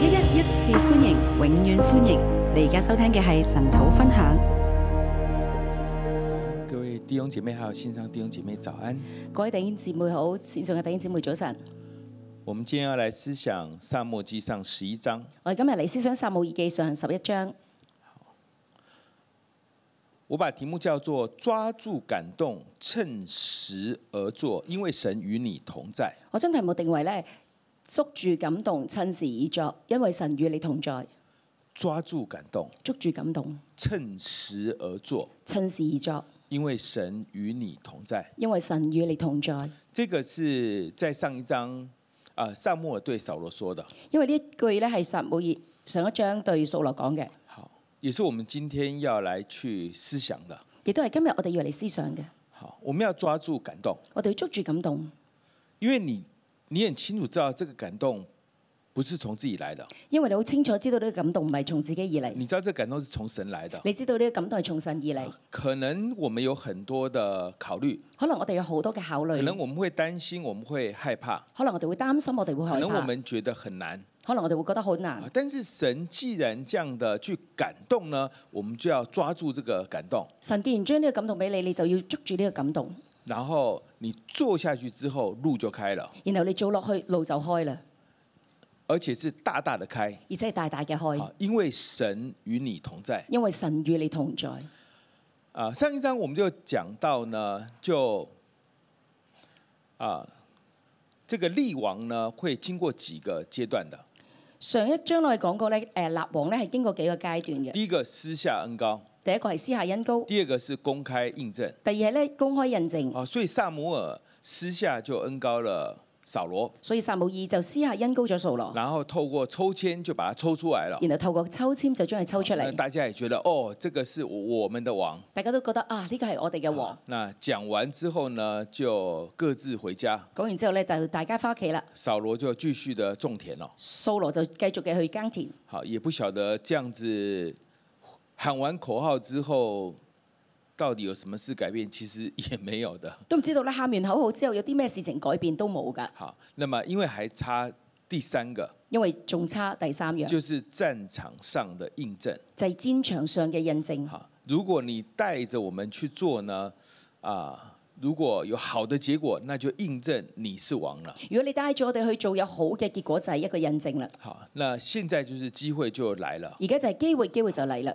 一一一次歡迎，永遠歡迎！你而家收聽嘅係晨禱分享。各位弟兄姐妹，好，線上、弟兄姐妹，早安！各位弟兄姊妹好，線上嘅弟兄姊妹早晨。我們今日要來思想《撒母耳記》上十一章。我哋今日嚟思想《撒母耳記》上十一章。我把題目叫做抓住感動，趁時而作，因為神與你同在。我將題目定位呢。捉住感動，趁時而作，因為神與你同在。抓住感動，捉住感動，趁時而作，趁時而作，因為神與你同在，因為神與你同在。這個是在上一章啊，撒母耳對掃羅說的。因為呢一句咧係撒母耳上一章對掃羅講嘅，好，也是我們今天要來去思想的，亦都係今日我哋要嚟思想嘅。好，我們要抓住感動，我哋要捉住感動，因為你。你很清楚知道這個感動不是從自己來的，因為你好清楚知道呢個感動唔係從自己而嚟。你知道這個感動是從神來的，你知道呢個感動係從神而嚟。可能我們有很多的考慮，可能我哋有好多嘅考慮，可能我們會擔心，我們會害怕，可能我哋會擔心，我哋會害怕，可能我們覺得很難，可能我哋會覺得好難。但是神既然這樣的去感動呢，我們就要抓住這個感動。神既然將呢個感動俾你，你就要捉住呢個感動。然後你坐下去之後路就開了，然後你走落去路就開了，而且是大大的開，而且係大大嘅開，因為神與你同在，因為神與你同在，啊，上一章我們就講到呢，就啊，這個立王呢會經過幾個階段的，上一章我哋講過咧，誒、呃，立王咧係經過幾個階段嘅，第一個私下恩膏。第一個係私下恩膏，第二個是公開印證。第二係咧公開印證。啊、哦，所以撒母耳私下就恩膏了掃羅。所以撒母耳就私下恩膏咗掃羅。然後透過抽籤就把他抽出來了，然後透過抽籤就將佢抽出嚟。哦、大家也覺得哦，這個是我們的王。大家都覺得啊，呢、這個係我哋嘅王。哦、那講完之後呢，就各自回家。講完之後呢，就大家返屋企啦。掃羅就繼續地種田咯。掃羅就繼續嘅去耕田。好、哦，也不曉得這樣子。喊完口號之後，到底有什麼事改變？其實也沒有的。都唔知道你喊完口號之後，有啲咩事情改變都冇㗎。好，那麼因為還差第三個，因為仲差第三樣，就是戰場上的印證，就係、是、戰場上嘅印證。如果你帶着我們去做呢、呃？如果有好的結果，那就印證你是王了。如果你帶住我哋去做有好嘅結果，就係一個印證啦。好，那現在就是機會就來了。而家就係機會，機會就嚟啦。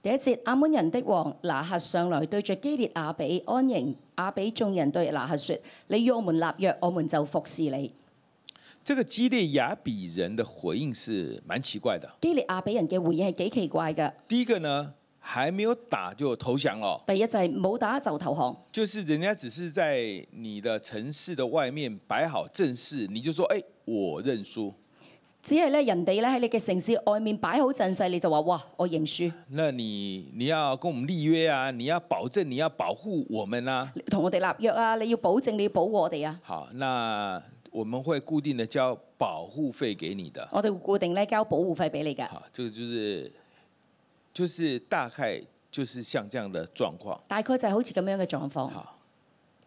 第一節，亞捫人的王拿客拿轄上來對著基列雅比安營，雅比眾人對拿轄説：你與我們立約，我們就服侍你。這個基列雅比人的回應是蠻奇怪的。基列雅比人嘅回應係幾奇怪嘅？第一個呢，還沒有打就投降哦。第一就係冇打就投降。就是人家只是在你的城市的外面擺好陣勢，你就說：，哎、欸，我認輸。只係咧，人哋咧喺你嘅城市外面擺好陣勢，你就話哇，我認輸。那你你要跟我們立約啊，你要保證，你要保護我們啊。同我哋立約啊，你要保證，你要保護我哋啊。好，那我們會固定地交保護費給你的。我哋會固定咧交保護費俾你㗎。好，這個就是就是大概就是像這樣的狀況。大概就係好似咁樣嘅狀況。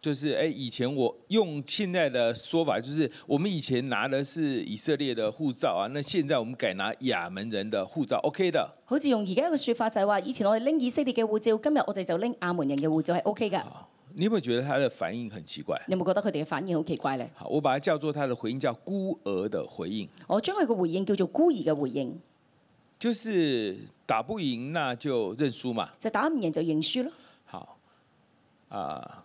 就是，誒、欸，以前我用現在的說法，就是我們以前拿的是以色列的護照啊，那現在我們改拿亞捫人的護照，OK 的。好似用而家個說法就係話，以前我哋拎以色列嘅護照，今日我哋就拎亞捫人嘅護照係 OK 噶。你有冇覺得他的反應很奇怪？你有冇覺得佢哋嘅反應好奇怪呢？好，我把它叫做，他的回應叫孤兒的回應。我將佢嘅回應叫做孤兒嘅回應。就是打不贏，那就認輸嘛。就打唔贏就認輸咯。好，啊、呃。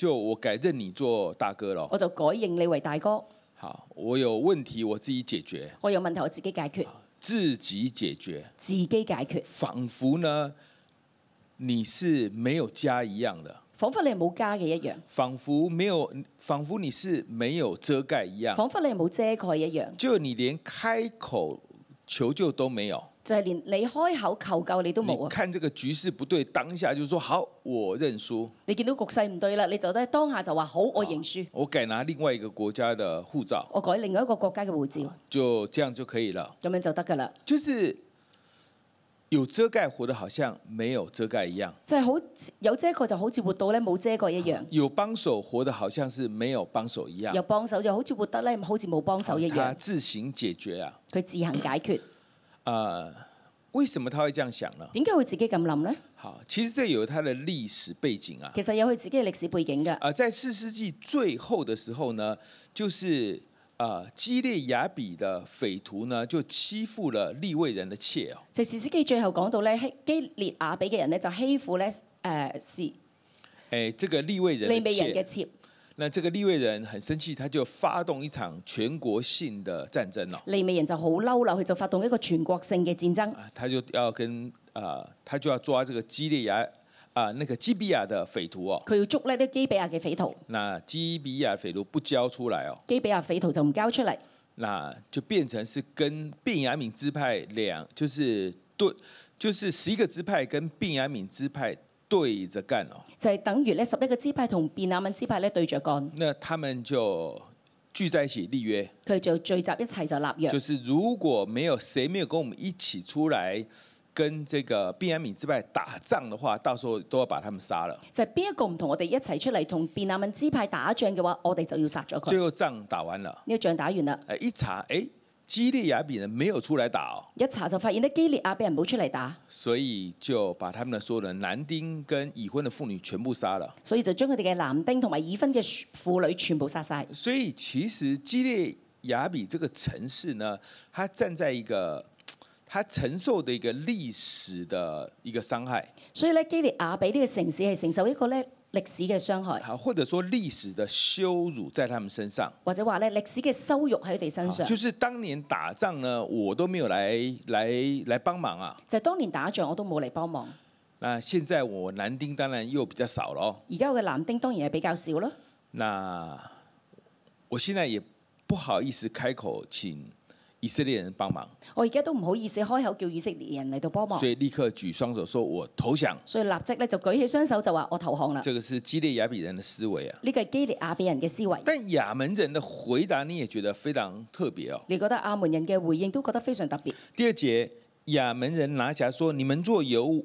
就我改認你做大哥咯，我就改認你為大哥。好，我有問題我自己解決。我有問題我自己解決，自己解決，自己解決。仿佛呢，你是沒有家一樣的，仿佛你係冇家嘅一樣，仿佛沒有，仿佛你是沒有遮蓋一樣，仿佛你係冇遮蓋一樣。就你連開口求救都沒有。就係連你開口求救你都冇啊！看這個局勢不對，當下就是說好，我認輸。你見到局勢唔對啦，你就得當下就話好，好，我認輸。我改拿另外一個國家的護照。我改另外一個國家嘅護照。就這樣就可以了。咁樣就得噶啦。就是有遮蓋活得好像沒有遮蓋一樣。就係好有遮蓋就好似活到咧冇遮蓋一樣。有幫手活得好像是沒有幫手一樣。有幫手就好似活得咧好似冇幫手一樣。自行解決啊！佢自行解決。 啊、呃，為什麼他會這樣想呢？點解會自己咁諗呢？好，其實這有他的歷史背景啊。其實有佢自己嘅歷史背景㗎。啊，呃、在《士師記》最後的時候呢，就是啊，基、呃、列雅比的匪徒呢，就欺負了利未人的妾哦。《士師記》最後講到咧，基列雅比嘅人呢，就欺負咧，誒、呃、是誒、欸，這個利未人利未人嘅妾。那這個利未人很生氣，他就發動一場全國性的戰爭咯。利未人就好嬲啦，佢就發動一個全國性嘅戰爭。啊，他就要跟啊、呃，他就要抓這個基利亞啊、呃，那個基比亞的匪徒哦。佢要捉呢啲基比亞嘅匪徒。那基比亞匪徒不交出來哦。基比亞匪徒就唔交出嚟。那就變成是跟便雅明支派兩，就是對，就是十一個支派跟便雅明支派，對着幹咯，就係等於咧，十一個支派同便雅憫支派咧，對着幹。那他們就聚在一起立約。佢就聚集一齊就立約。就是如果沒有誰沒有跟我們一起出來跟這個便雅敏支派打仗的話，到時候都要把他們殺了。就係邊一個唔同我哋一齊出嚟同便雅敏支派打仗嘅話，我哋就要殺咗佢。最後仗打完了，呢個仗打完啦，一查，哎。基列雅比人沒有出來打，一查就發現啲基列雅比人冇出嚟打，所以就把他們的所有的男丁跟已婚的婦女全部殺了，所以就將佢哋嘅男丁同埋已婚嘅婦女全部殺晒。所以其實基列雅比這個城市呢，他站在一個，他承受的一個歷史的一個傷害。所以咧，基列雅比呢個城市係承受一個咧，歷史嘅傷害，或者說歷史的羞辱在他們身上，或者話咧歷史嘅羞辱喺佢哋身上，就是當年打仗呢，我都沒有來來來幫忙啊。就係、是、當年打仗我都冇嚟幫忙，那現在我男丁當然又比較少咯。而家我嘅男丁當然係比較少咯。那我現在也不好意思開口請以色列人幫忙，我而家都唔好意思開口叫以色列人嚟到幫忙，所以立刻舉雙手，說我投降，所以立即咧就舉起雙手就話我投降啦。這個是基列雅比人的思維啊，呢個係基列雅比人嘅思維。但亞門人的回答你也覺得非常特別哦，你覺得亞門人嘅回應都覺得非常特別。第二節，亞門人拿轄說：你們若有……」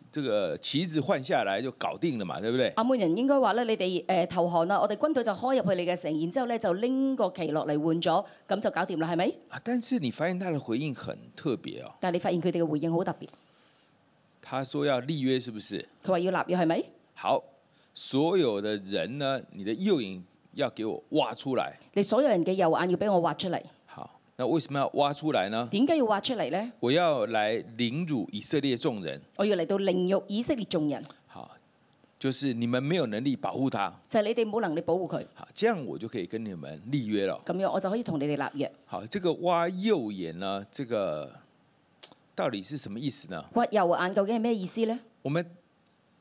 這個旗子換下來就搞定了嘛，對不對？亞捫人應該話咧，你哋誒投降啦，我哋軍隊就開入去你嘅城，然之後咧就拎個旗落嚟換咗，咁就搞掂啦，係咪？啊，但是你發現他哋嘅回應很特別哦。但係你發現佢哋嘅回應好特別。他說要立約，是不是？佢話要立約係咪？好，所有的人呢，你的右眼要給我挖出來。你所有人嘅右眼要俾我挖出嚟。那為什麼要挖出來呢？點解要挖出嚟呢？我要來凌辱以色列眾人，我要嚟到凌辱以色列眾人。好，就是你們沒有能力保護他，就係你哋冇能力保護佢。好，這樣我就可以跟你們立約了。咁樣我就可以同你哋立約。好，這個挖右眼呢？這個到底是什麼意思呢？挖右眼究竟係咩意思呢？我們。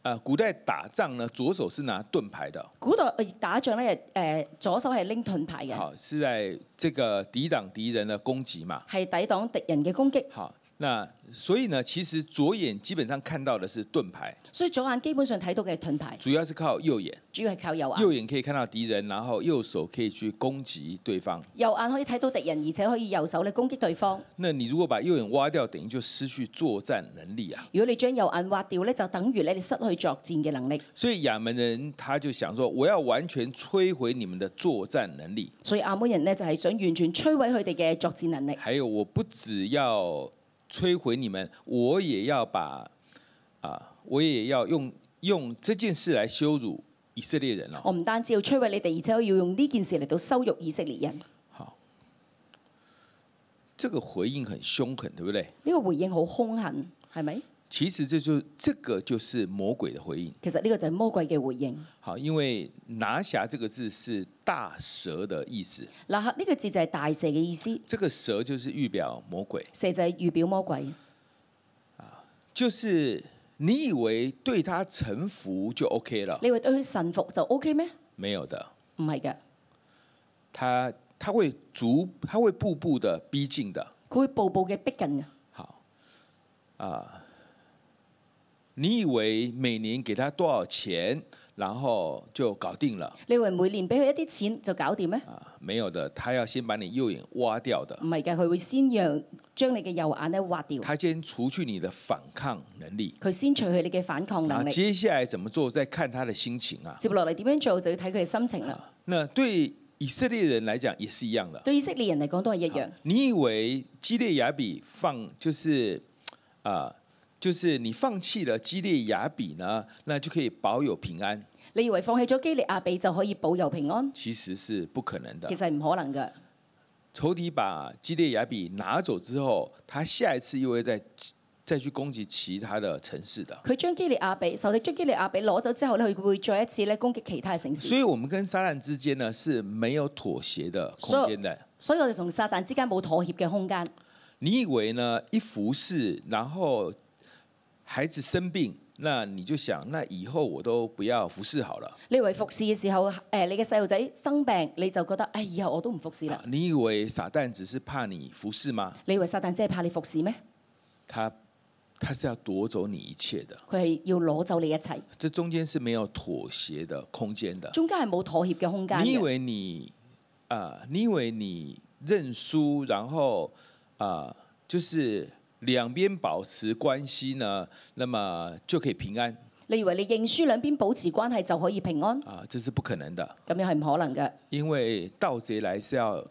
啊，古代打仗呢，左手是拿盾牌的。古代打仗呢，誒左手係拎盾牌嘅。好，是在這個抵擋敵人的攻擊嘛。係抵擋敵人嘅攻擊。好。那所以呢，其實左眼基本上看到的是盾牌，所以左眼基本上睇到嘅盾牌。主要是靠右眼，主要係靠右眼，右眼可以看到敵人，然後右手可以去攻擊對方。右眼可以睇到敵人，而且可以右手來攻擊對方。那你如果把右眼挖掉，等於就失去作戰能力啊！如果你將右眼挖掉呢，就等於你哋失去作戰嘅能力。所以亞門人他就想說，我要完全摧毀你們的作戰能力。所以亞門人呢，就係想完全摧毀佢哋嘅作戰能力。還有，我不只要。摧毀你們，我也要把，啊，我也要用用這件事來羞辱以色列人了。我唔單止要摧毀你哋，而且我要用呢件事嚟到羞辱以色列人。好，這個回應很凶狠，對不對？呢個回應好凶狠，係咪？其實這就是、這個就是魔鬼的回應。其實呢個就係魔鬼嘅回應。好，因為拿轄這個字是大蛇的意思。拿轄呢個字就係大蛇嘅意思。這個蛇就是預表魔鬼。蛇就係預表魔鬼、啊。就是你以為對他臣服就 OK 了？你以為對佢臣服就 OK 咩？沒有的，唔係嘅。他他會逐他會步步的逼近的。佢會步步嘅逼近嘅。好，啊。你以為每年給他多少錢，然後就搞定了？你以為每年俾佢一啲錢就搞掂咩？啊，沒有的，他要先把你右眼挖掉的。唔係嘅，佢會先讓將你嘅右眼咧挖掉。他先除去你的反抗能力。佢先除去你嘅反抗能力。接下來怎麼做？再看他的心情啊。接落嚟點樣做就要睇佢嘅心情啦、啊。那對以色列人來講也是一樣的。對以色列人嚟講都係一樣。你以為基列雅比放就是啊？就是你放棄了基列雅比呢，那就可以保有平安。你以為放棄咗基列雅比就可以保有平安？其實是不可能的。其實唔可能嘅。仇敵把基列雅比拿走之後，他下一次又會再再去攻擊其他的城市的。佢將基列雅比，仇敵將基列雅比攞走之後咧，佢會，會再一次咧攻擊其他城市。所以我們跟撒旦之間呢，是沒有妥協的空間的。So, 所以我哋同撒旦之間冇妥協嘅空間。你以為呢一服侍，然後？孩子生病，那你就想，那以後我都不要服侍好了。你以為服侍嘅時候，誒、呃，你嘅細路仔生病，你就覺得，哎，以後我都唔服侍啦、啊。你以為撒旦只是怕你服侍嗎？你以為撒旦真係怕你服侍咩？他，他是要奪走你一切的。佢係要攞走你一切。這中間是沒有妥協的空間的。中間係冇妥協嘅空間。你以為你，啊、呃，你以為你認輸，然後，啊、呃，就是。兩邊保持關係呢，那麼就可以平安。你以為你認輸，兩邊保持關係就可以平安？啊，這是不可能的。咁樣係唔可能嘅。因為盜賊來是要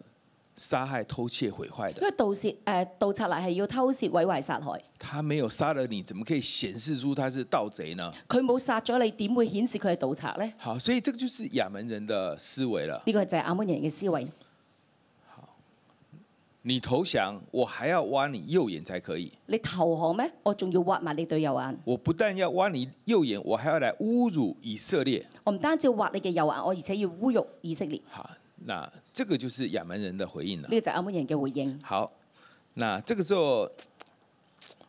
殺害、偷竊、毀壞的。因為盜竊、誒盜賊嚟係要偷竊、毀壞、殺害。他沒有殺了你，怎麼可以顯示出他是盜賊呢？佢冇殺咗你，點會顯示佢係盜賊咧？好，所以這個就是亞捫人的思維了。呢個就係亞捫人嘅思維。你投降，我還要挖你右眼才可以。你投降咩？我仲要挖埋你對右眼。我不但要挖你右眼，我還要來侮辱以色列。我唔單止要挖你嘅右眼，我而且要侮辱以色列。嗱，那這個就是亞門人的回應啦。呢個就亞門人嘅回應。好，嗱，這個時候，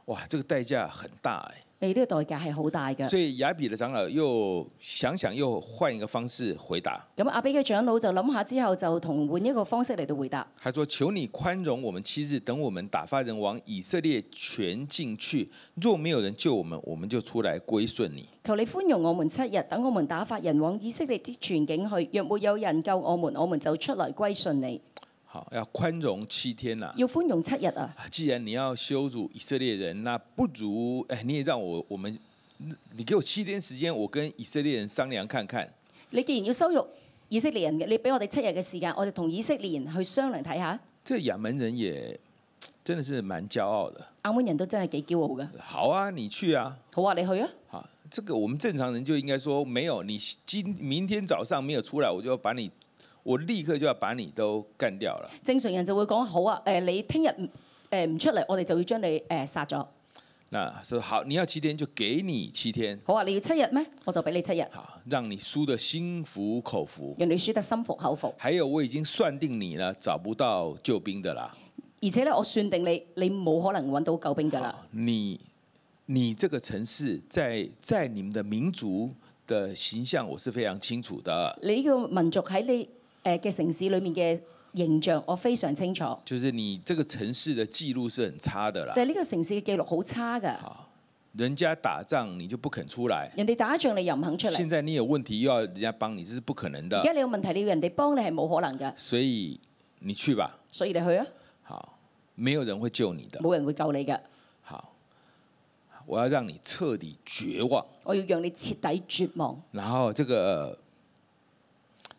哇，這個代價很大哎。你呢個代價係好大嘅，所以雅比的長老又想想，又換一個方式回答。咁雅比嘅長老就諗下之後，就同換一個方式嚟到回答。佢話：求你寬容我們七日，等我們打發人往以色列全境去，若沒有人救我們，我們就出來歸順你。求你寬容我們七日，等我們打發人往以色列的全境去，若沒有人救我們，我們就出來歸順你。好，要寬容七天啦，啊。要寬容七日啊！既然你要羞辱以色列人，啊，那不如哎，你也讓我我們，你給我七天時間，我跟以色列人商量看看。你既然要羞辱以色列人，你俾我哋七日嘅時間，我哋同以色列人去商量睇下。這亞捫人也真的是蠻驕傲的。亞捫人都真係幾驕傲噶。好啊，你去啊。好啊，你去啊。好，這個我們正常人就應該說，沒有，你今明天早上沒有出來，我就把你。我立刻就要把你都幹掉了。正常人就會講好啊，誒，你聽日誒唔出嚟，我哋就會將你誒殺咗。嗱，所以好，你要七天就給你七天。好啊，你要七日咩？我就俾你七日。好，讓你輸得心服口服。讓你輸得心服口服。還有我已經算定你啦，找不到救兵的啦。而且咧，我算定你，你冇可能揾到救兵噶啦。你你這個城市在在你們的民族的形象，我是非常清楚的。你呢個民族喺你。誒嘅城市裏面嘅形象，我非常清楚。就是你這個城市的記錄是很差的啦。就係、是、呢個城市嘅記錄好差噶。好，人家打仗你就不肯出來。人哋打仗你又唔肯出嚟。現在你有問題又要人家幫你，這是不可能的。而家你有問題，你要人哋幫你係冇可能嘅。所以你去吧。所以你去啊？好，沒有人會救你的。冇人會救你嘅。好，我要讓你徹底絕望。我要讓你徹底絕望。然後這個。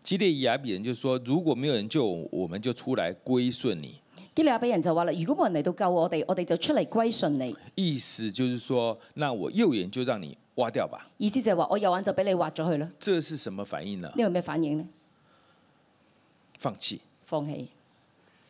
基列亞比人就說：“如果沒有人救，我們就出來歸順你。”基列亞比人就話啦：“如果冇人嚟到救我哋，我哋就出嚟歸順你。”意思就是說，那我右眼就讓你挖掉吧。意思就係話，我右眼就俾你挖咗去啦。這是什麼反應呢？呢個咩反應呢？放棄。放棄。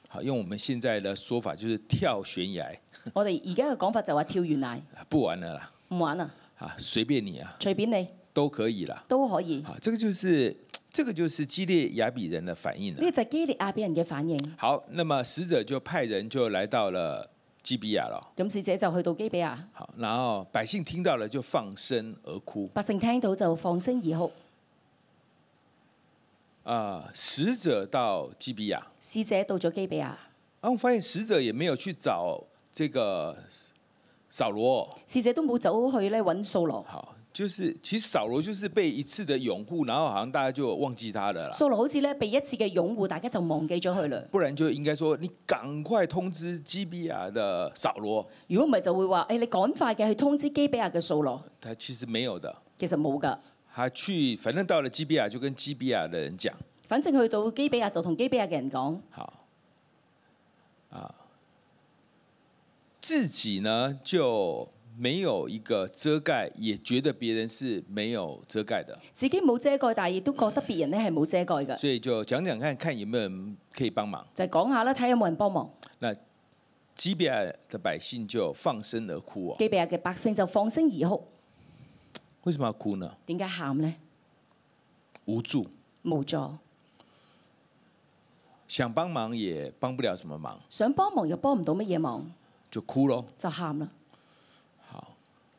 好，用我們現在的說法就是跳懸崖。我哋而家嘅講法就話跳懸崖。不玩啦啦。唔玩啦。啊，隨便你啊。隨便你。都可以啦。都可以。啊，這個就是。這個就是基列雅比人的反應啦。呢個就基列雅比人嘅反應。好，那麼使者就派人就來到了基比亞咯。咁使者就去到基比亞。好，然後百姓聽到了就放聲而哭。百姓聽到就放聲而哭。啊，使者到基比亞。使者到咗基比亞。啊，我發現使者也沒有去找這個掃羅。使者都冇走去咧揾掃羅。就是，其實掃羅就是被一次的擁護，然後好像大家就忘記他啦。掃羅好似咧被一次嘅擁護，大家就忘記咗佢啦。不然就應該說，你趕快通知基比亞的掃羅。如果唔係，就會話，誒，你趕快嘅去通知基比亞嘅掃羅。他其實沒有的。其實冇噶。他去，反正到了基比亞就跟基比亞的人講。反正去到基比亞就同基比亞嘅人講。好。啊。自己呢就。沒有一個遮蓋，也覺得別人是沒有遮蓋的。自己冇遮蓋，但係亦都覺得別人咧係冇遮蓋嘅。所以就講講看看，有冇人可以幫忙？就講下啦，睇有冇人幫忙。那基比亞的百姓就放聲而哭啊！基比亞嘅百姓就放聲而哭。為什麼要哭呢？點解喊呢？「無助，無助」。想幫忙也幫不了什麼忙。想幫忙又幫唔到乜嘢忙，就哭咯，就喊啦。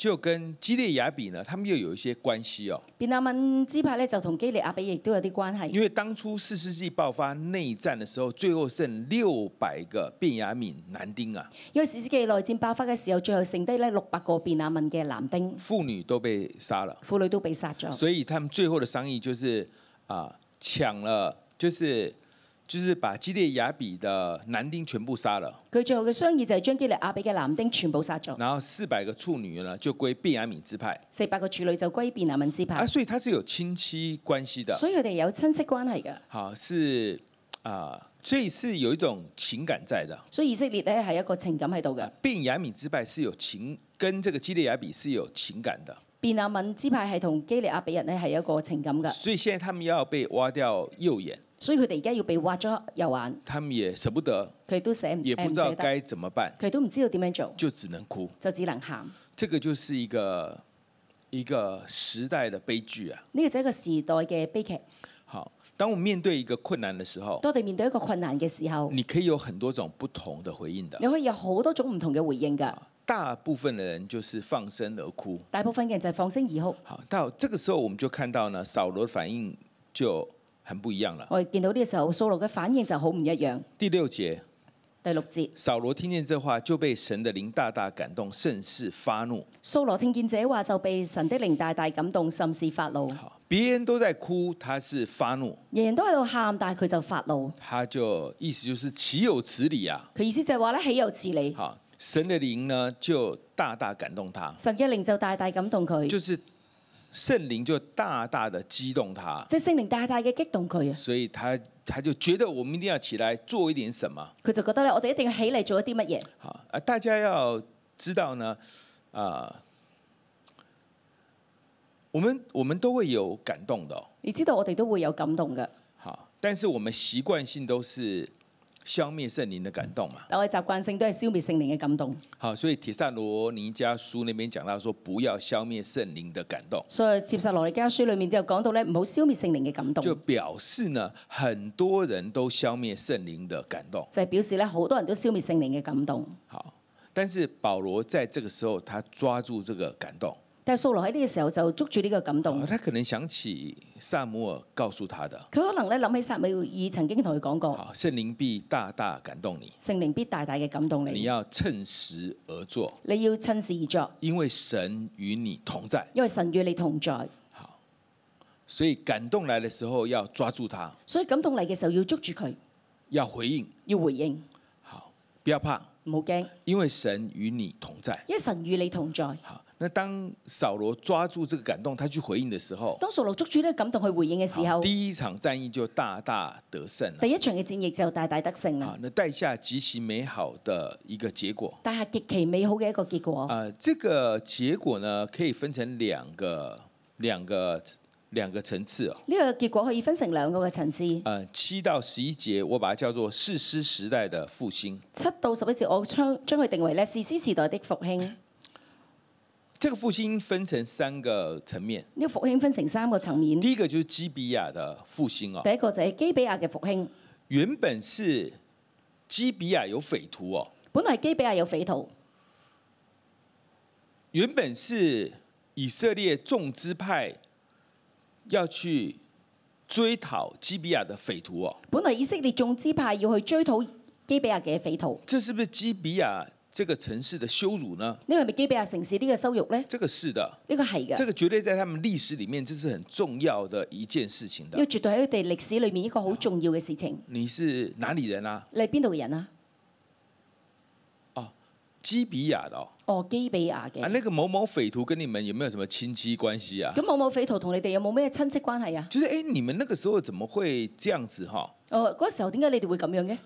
就跟基列雅比呢，他們又有一些關係哦。便雅憫支派呢，就同基列雅比也都有啲關係。因為當初四世紀爆發內戰的時候，最後剩六百個便雅憫男丁啊。因為四世紀內戰爆發嘅時候，最後剩低呢六百個便雅憫嘅男丁。婦女都被殺了。婦女都被殺咗。所以他們最後的商議就是啊，搶、呃、了就是。就是把基列雅比的男丁全部殺了。佢最後嘅商議就係將基列雅比嘅男丁全部殺咗。然後四百個處女呢就歸便雅敏支派。四百個處女就歸便雅敏支派。啊，所以他是有親戚關係的。所以佢哋有親戚關係嘅。好，是啊、呃，所以是有一種情感在的。所以以色列咧係一個情感喺度嘅。便雅敏支派是有情，跟這個基列雅比是有情感的。便雅敏支派係同基列雅比人呢係一個情感嘅。所以現在他們要被挖掉右眼。所以佢哋而家要被挖咗右眼，佢哋都捨唔得，也不知道該怎麼辦，佢哋都唔知道點樣做，就只能哭，就只能喊。這個就是一個一個時代的悲劇啊！呢個就係一個時代嘅悲劇。好，當我們面對一個困難嘅時候，當我面對一個困難嘅時候，你可以有很多種不同的回應的，你可以有好多種唔同嘅回應噶。大部分嘅人就是放聲而哭，大部分嘅人就係放聲而哭。好，到這個時候，我們就看到呢，掃羅反應就很不一樣啦。我見到呢個時候，掃羅嘅反應就好唔一樣。第六節，第六節，掃羅聽見這話就被神的靈大大感動，甚是發怒。掃羅聽見這話就被神的靈大大感動，甚是發怒。好，別人都在哭，他是發怒。人人都喺度喊，但係佢就發怒。他就意思就是豈有此理啊？佢意思就係話咧，豈有此理？好，神的靈呢就大大感動他。神嘅靈就大大感動佢。就是。聖靈就大大的激動他，即係聖靈大大嘅激動佢啊，所以他他就覺得我們一定要起來做一點什麼，佢就覺得咧，我哋一定要起嚟做一啲乜嘢。好，啊大家要知道呢，啊、呃，我們我們都會有感動的，哦，你知道我哋都會有感動嘅，好，但是我們習慣性都是。消滅聖靈的感動嘛，但我習慣性都係消滅聖靈嘅感動。好，所以帖撒羅尼迦書那邊講到說，不要消滅聖靈的感動。所以帖撒羅尼迦書裏面就講到咧，唔好消滅聖靈嘅感動。就表示呢，很多人都消滅聖靈的感動，就係表示咧，好多人都消滅聖靈嘅感動。好，但是保羅在這個時候，他抓住這個感動。係蘇羅喺呢個時候就捉住呢個感動。佢可能想起撒母耳告訴他的。佢可能咧諗起撒母耳曾經同佢講過。聖靈必大大感動你。聖靈必大大嘅感動你。你要趁時而作。你要趁時而作。因為神與你同在。因為神與你同在。好，所以感動來嘅時候要抓住他。所以感動嚟嘅時候要捉住佢。要回應。要回應。好，不要怕。唔好驚。因為神與你同在。因為神與你同在。那當掃羅抓住這個感動，他去回應的時候，當掃羅捉住呢感動去回應嘅時候，第一場戰役就大大得勝了。第一場嘅戰役就大大得勝啦。好、啊，那代價極其美好的一個結果，但係極其美好嘅一個結果。啊，這個結果呢，可以分成兩個兩個兩個層次。呢、這個結果可以分成兩個嘅層次。啊，七到十一節，我把它叫做士師時代的復興。七到十一節，我將將佢定為咧士師時代的復興。這個復興分成三個層面。呢個復興分成三個層面。第一個就是基比亞的復興哦。第一個就係基比亞嘅復興。原本是基比亞有匪徒哦。本來基比亞有匪徒。原本是以色列眾支派要去追討基比亞的匪徒哦。本來以色列眾支派要去追討基比亞嘅匪徒。這是不是基比亞這個城市的羞辱呢？呢、呢個係咪基比亞城市呢個羞辱呢？這個是的，呢個係嘅，這個絕對在他們歷史裏面，這是很重要的一件事情的。呢個絕對喺佢哋歷史裏面一個好重要嘅事情、哦。你是哪裏人啊？你係邊度嘅人啊？哦，基比亞的、哦哦，基比亞嘅啊，那個某某匪徒跟你們有沒有什麼親戚關係啊？咁某某匪徒同你哋有冇咩親戚關係啊？就是誒、欸，你們那個時候怎麼會這樣子哈？哦，嗰時候點解你哋會咁樣嘅？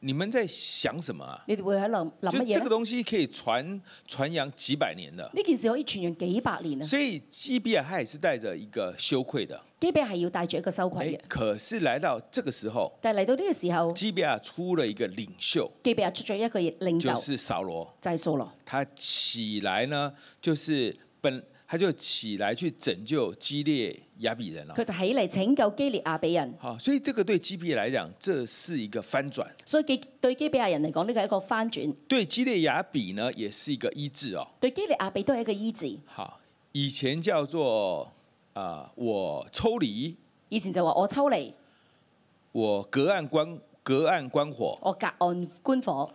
你們在想什麼啊？你哋會喺度諗乜嘢？就係這個東西可以傳傳揚幾百年的。呢件事可以傳揚幾百年啊！所以基比亞他係是帶着一個羞愧的。基比亞係要帶着一個羞愧嘅、欸。可是來到這個時候，但係嚟到呢個時候，基比亞出了一個領袖。基比亞出咗一個領袖，就是掃羅，就係、是、掃他起來呢，就是本，他就起來去拯救基列雅比人咯、哦。佢就起嚟拯救基列雅比人。好，所以呢個對基比嚟講，呢係一個翻轉。所以基對基比亞人嚟講，呢個係一個翻轉。對基列雅比呢，也是一個醫治哦。對基列雅比都係一個醫治。好，以前叫做啊、呃，我抽離。以前就話我抽離，我隔岸觀隔岸觀火。我隔岸觀火。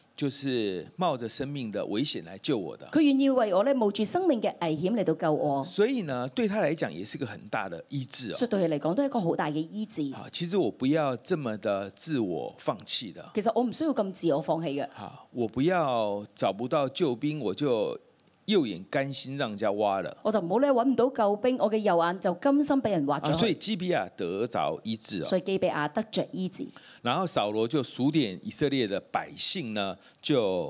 就是冒着生命的危險來救我的，佢願意為我咧冒住生命嘅危險嚟到救我，所以呢，對他來講也是一個很大的醫治。所以對佢嚟講都係一個好大嘅醫治。好，其實我不要這麼的自我放棄的。其實我唔需要咁自我放棄嘅。好，我不要找不到救兵我就。右眼甘心讓人家挖了，我就唔好咧，搵唔到救兵，我嘅右眼就甘心俾人挖咗。所以基比亞得着醫治啊、哦！所以基比亞得着醫治。然後掃羅就數點以色列的百姓呢，就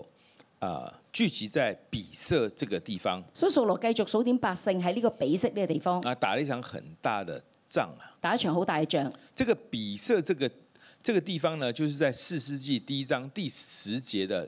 啊、呃、聚集在比色這個地方。所以掃羅繼續數點百姓喺呢個比色呢個地方啊，打了一場很大的仗啊，打一場好大嘅仗。這個比色，這個這個地方呢，就是在四世紀第一章第十節的。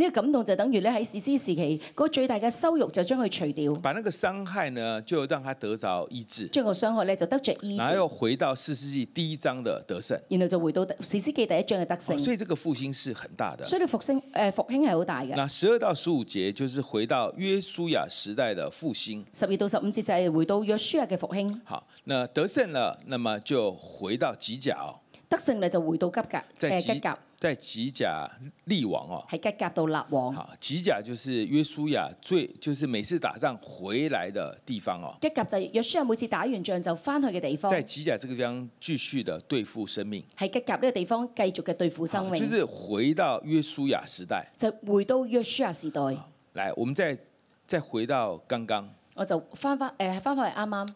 呢、這個感動就等於咧喺士師時期嗰、那個、最大嘅羞辱，就將佢除掉。把那個傷害呢，就讓他得着醫治。將個傷害咧，就得着醫治。然後又回到士師記第一章的得勝。然後就回到士師記第一章嘅得勝，哦。所以這個復興是很大的。所以復興、誒、呃、復興係好大嘅。嗱，十二到十五節就是回到約書亞時代的復興。十二到十五節就係回到約書亞嘅復興。好，那得勝了，那麼就回到吉甲。得勝咧就回到吉甲，誒吉甲，在吉甲立王哦，喺吉甲度立王。好，吉甲就是約書亞最，就是每次打仗回來的地方哦。吉甲就約書亞每次打完仗就翻去嘅地方。在吉甲這個地方繼續的對付生命。喺吉甲呢個地方繼續嘅對付生命。就是回到約書亞時代。就回到約書亞時代。來，我們再再回到剛剛。我就翻翻誒，翻翻啱啱。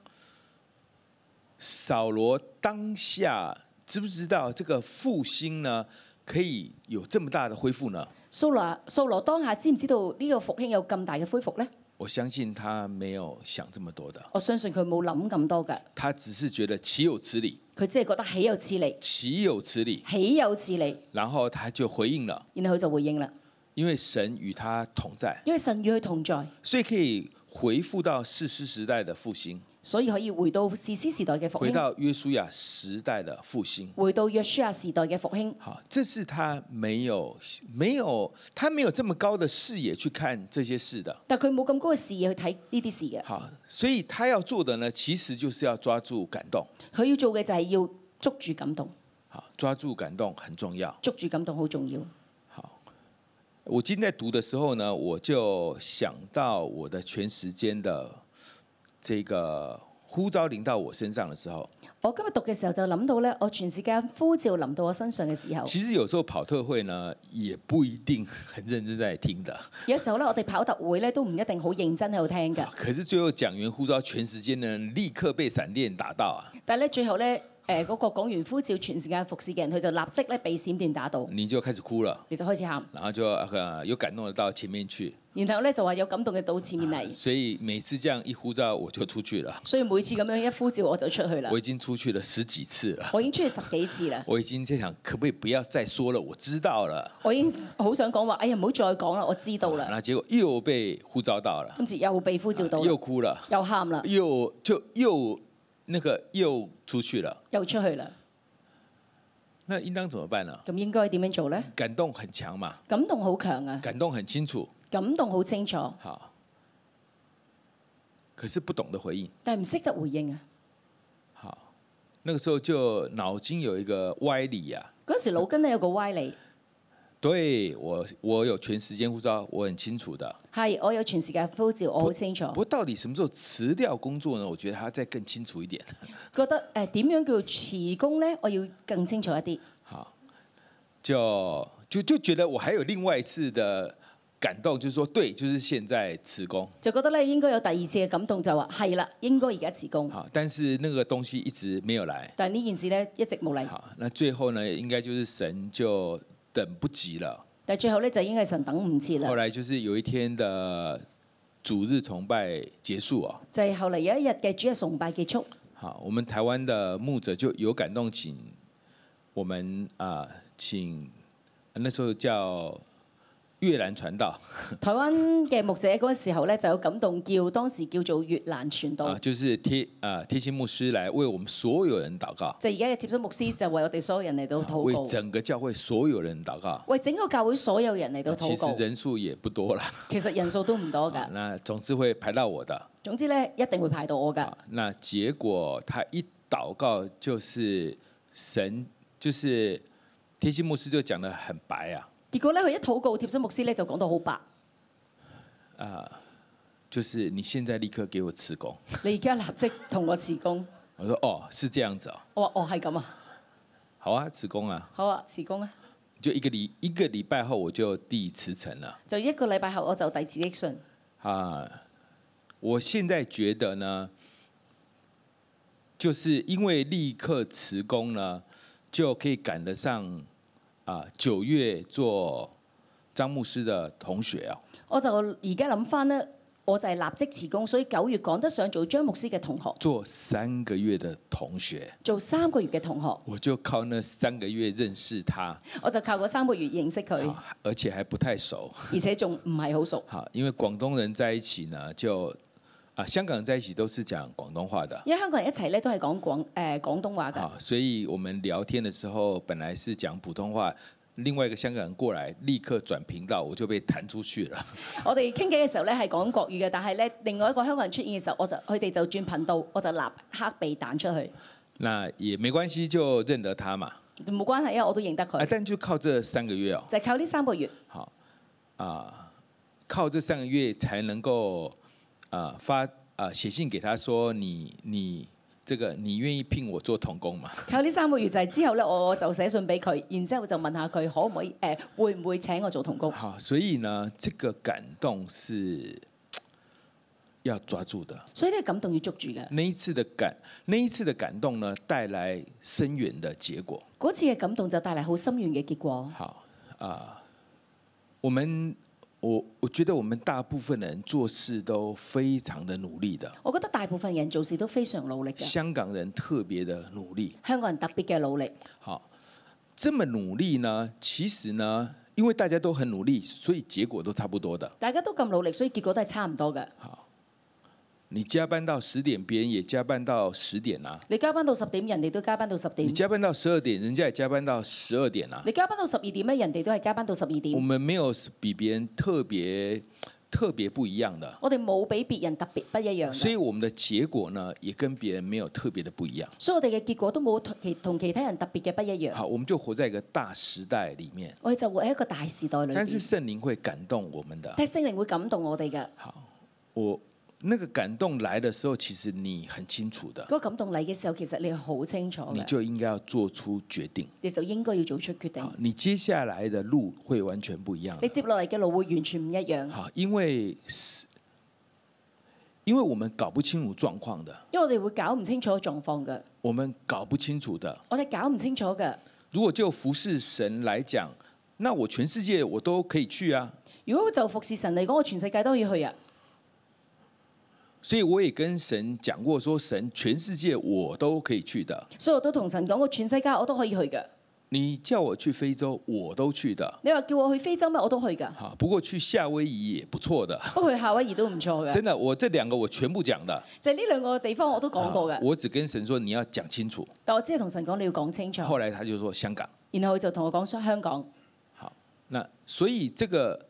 掃羅當下，知不知道這個復興呢，可以有這麼大的恢復呢？掃羅，掃羅當下知唔知道呢個復興有咁大嘅恢復呢？我相信他沒有想這麼多的。我相信佢冇諗咁多㗎。他只是覺得豈有此理。佢只係覺得豈有此理。豈有此理？豈有此理？然後他就回應了。然後他就回應啦，因為神與他同在。因為神與佢同在，所以可以回復到士師，士師時代的復興。所以可以回到士師時代嘅復興，回到約書亞時代的復興，回到約書亞時代嘅復興。好，這是他沒有沒有，他沒有這麼高的視野去看這些事的。但佢冇咁高嘅視野去睇呢啲事嘅。好，所以他要做的呢，其實就是要抓住感動。佢要做嘅就係要捉住感動。好，抓住感動很重要。捉住感動好重要。好，我今天在讀嘅時候呢，我就想到我的全時間的。這個呼召臨到我身上的時候，我今日讀嘅時候就諗到呢，我全時間呼召臨到我身上嘅時候。其實有時候跑特會呢，也不一定很認真在聽的。有時候呢，我哋跑特會呢，都唔一定好認真喺度聽嘅。可是最後講完呼召，全時間呢立刻被閃電打到啊！但係咧最後呢。誒，嗰、那個講完呼召全時間服侍嘅人，佢就立即咧被閃電打到。你就開始哭了，你就開始喊，然後就、呃、有感動到到前面去。然後咧就話有感動嘅到前面嚟、啊。所以每次這樣一呼召我就出去啦。所以每次咁樣一呼召我就出去啦。我已經出去了十幾次啦。我已經出去十幾次啦。 我已經在想可唔可以不要再說了，我知道啦。我已經好想講話，哎呀唔好再講啦，我知道了、啊、然那結果又被呼召到了，跟住又被呼召到、啊，又哭了，又喊啦，又就又。那個又出去了，又出去啦，那應當怎麼辦呢？咁應該點樣做咧？感動很強嘛，感動好強啊，感動很清楚，感動好清楚。好，可是不懂得回應，但係唔識得回應啊。好，那個時候就腦筋有一個歪理啊，嗰時腦筋咧有一個歪理。嗯對，我我有全時間呼召，我很清楚的。係我有全時間呼召，我好清楚。不，不過到底什麼時候辭掉工作呢？我覺得他再更清楚一點。覺得誒，點、呃、樣叫辭工呢？我要更清楚一啲。好，就就就覺得我還有另外一次的感動，就是說，對，就是現在辭工。就覺得咧，應該有第二次嘅感動，就話係啦，應該而家辭工。好，但是那個東西一直沒有來。但呢件事呢，一直冇嚟。好，那最後呢，應該就是神就。等不及了，但最後呢，就應該係等唔切啦。後來就是有一天的主日崇拜結束啊、哦，就係後嚟有一日嘅主日崇拜結束。好，我們台灣的牧者就有感動請我們啊、呃、請，那時候叫。越南傳道，台灣嘅牧者嗰個時候呢，就有感動，叫當時叫做越南傳道，啊，就是貼啊貼心牧師來為我們所有人禱告，就而家嘅貼心牧師就為我哋所有人嚟到禱告，為整個教會所有人禱告，啊，為整個教會所有人嚟到禱告，啊禱告啊，其實人數也不多啦，其實人數都唔多噶，啊，那總之會排到我的，總之呢，一定會排到我噶，啊，那結果他一禱告就是神，就是貼心牧師就講得很白啊。結果呢，佢一禱告，貼身牧師呢，就講到好白。啊、uh,，就是你現在立刻給我辭工。你而家立即同我辭工。 我說：哦，是這樣子哦。哦，係咁啊。好啊，辭工啊。好啊，辭工啊。就一個禮一個禮拜後，我就遞辭呈啦。就一個禮拜後，我就遞辭職信。啊、uh,，我現在覺得呢，就是因為立刻辭工呢，就可以趕得上。啊！九月做張牧師的同學啊！我就而家諗翻呢，我就係立即辭工，所以九月講得上做張牧師嘅同學，做三個月嘅同學，做三個月嘅同學，我就靠呢三個月認識他，我就靠嗰三個月認識佢，而且還不太熟，而且仲唔係好熟，好，因為廣東人在一起呢就。啊！香港人在一起都是講廣東話的，因為香港人一齊咧都係講廣誒廣東話嘅。所以我們聊天的時候，本來是講普通話，另外一個香港人過來，立刻轉頻道，我就被彈出去了。我哋傾偈嘅時候咧係講國語嘅，但係咧另外一個香港人出現嘅時候，我就佢哋就轉頻道，我就立刻被彈出去。那也沒關係，就認得他嘛。冇關係啊，因為我都認得佢。但就靠這三個月啊，就靠呢三個月。好啊、呃，靠這三個月才能夠。呃、發啊寫、呃、信給他說，你你這個你願意聘我做同工嘛？有呢三個月就係之後呢，我就寫信俾佢，然之後就問下佢可唔可以誒、呃，會唔會請我做同工？好，所以呢，這個感動是要抓住的。所以呢，感動要捉住噶。那一次的感，那一次的感動呢，帶來深遠的結果。嗰次嘅感動就帶嚟好深遠嘅結果。好啊、呃，我們。我我覺得我們大部分人做事都非常的努力的。我覺得大部分人做事都非常努力嘅。香港人特別的努力。香港人特別嘅努力。好，這麼努力呢？其實呢，因為大家都很努力，所以結果都差不多的。大家都咁努力，所以結果都係差唔多嘅。你加班到十點，別人也加班到十點啦、啊。你加班到十點，人哋都加班到十點。你加班到十二點，人家也加班到十二點啦、啊。你加班到十二點咧、啊，人哋都係加班到十二點。我們沒有比別人特別特別不一樣的。我哋冇比別人特別不一樣。所以我們的結果呢，也跟別人沒有特別的不一樣。所以我哋嘅結果都冇同同其他人特別嘅不一樣。好，我們就活在一個大時代裏面。我哋就活喺一個大時代裏面。但是聖靈會感動我們的。係聖靈會感動我哋嘅。好，我。那個感動來的時候，其實你很清楚的。嗰個感動嚟嘅時候，其實你好清楚。你就應該要做出決定。其實應該要做出決定你。你接下來的路會完全不一樣。你接落嚟嘅路會完全唔一樣。好，因為因為我們搞不清楚狀況的。因為我哋會搞唔清楚狀況嘅。我們搞不清楚的。我哋搞唔清楚嘅。如果就服侍神來講，那我全世界我都可以去啊。如果就服侍神嚟講，我全世界都要去啊。所以我也跟神講過，說神全世界我都可以去的。所以我都同神講過，全世界我都可以去嘅。你叫我去非洲，我都去的。你話叫我去非洲咩？我都去噶。哈，不過去夏威夷也不錯的。不過去夏威夷都唔錯嘅。真的，我這兩個我全部講的。就呢、是、兩個地方我都講過嘅。我只跟神說你要講清楚。但我只係同神講你要講清楚。後來他就說香港。然後就同我講說香港。好，那所以這個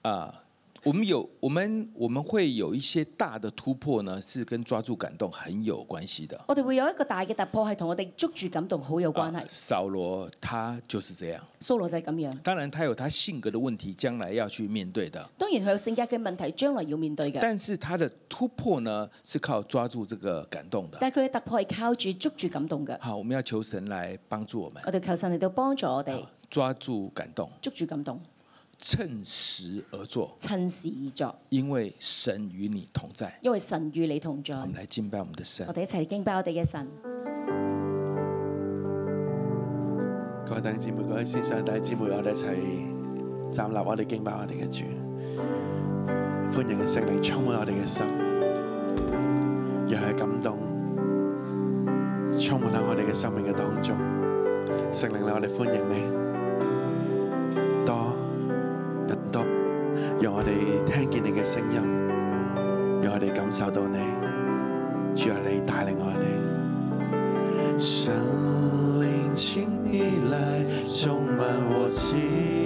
啊。呃我們有我們我們會有一些大的突破呢，是跟抓住感動很有關係的。我哋會有一個大嘅突破係同我哋捉住感動好有關係。掃羅他就是這樣。掃羅就係咁樣。當然，他有他性格的問題，將來要去面對的。當然，佢有性格嘅問題，將來要面對的。但是，他的突破呢，是靠抓住這個感動的。但係佢嘅突破係靠住捉住感動嘅。好，我們要求神來幫助我們。我哋求神嚟到幫助我哋。抓住感動。捉住感動。趁時而作，趁時而作，因為神與你同在，因為神與你同在。我們來敬拜我們的神，我哋一齊敬拜我哋嘅神。各位弟兄姊妹，各位先生，弟兄姊妹，我哋一齊站立我們，我哋敬拜我哋嘅主。歡迎嘅聖靈充滿我哋嘅心，又係感動充滿喺我哋嘅生命嘅當中。聖靈嚟，我哋歡迎你。讓我哋聽見你嘅聲音，讓我哋感受到你，主啊，你帶領我哋。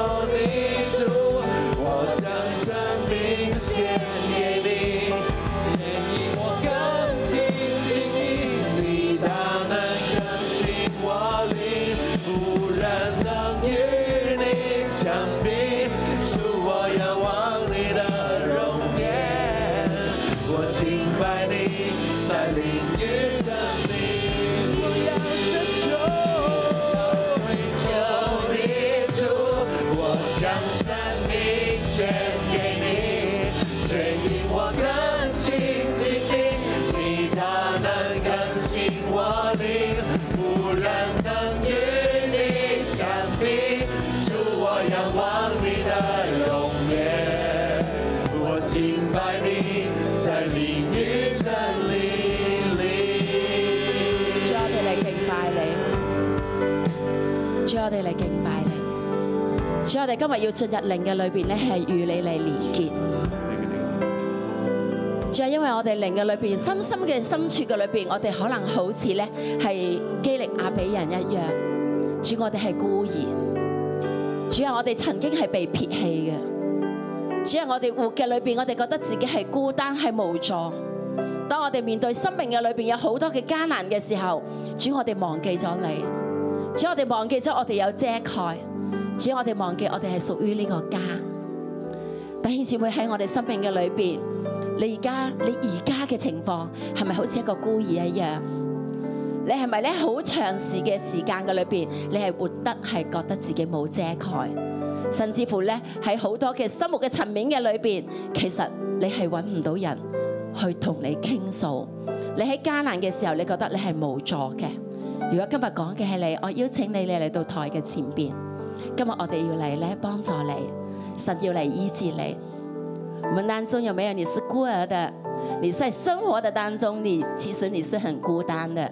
我哋今日要進入靈嘅裏邊咧，係與你嚟連結。主係因為我哋靈嘅裏邊，深深嘅深處嘅裏邊，我哋可能好似咧係基列雅比人一樣。主，我哋係孤兒。主係，我哋曾經係被撇棄嘅。主係，我哋活嘅裏邊，我哋覺得自己係孤單，係無助。當我哋面對生命嘅裏邊有好多嘅艱難嘅時候，主，我哋忘記咗你。主，我哋忘記咗我哋有遮蓋。只要我哋忘記，我哋係屬於呢個家。弟兄姊妹，喺我哋生命嘅裏邊，你而家，你而家嘅情況係咪好似一個孤兒一樣？你係咪咧好長時嘅時間嘅裏邊，你係活得係覺得自己冇遮蓋，甚至乎咧喺好多嘅生活嘅層面嘅裏邊，其實你係揾唔到人去同你傾訴。你喺艱難嘅時候，你覺得你係無助嘅。如果今日講嘅係你，我邀請你，你嚟到台嘅前邊。今天我哋要嚟咧幫助你，神要嚟醫治你。我們當中有沒有你是孤兒的？你在生活的當中你，你其實你是很孤單的。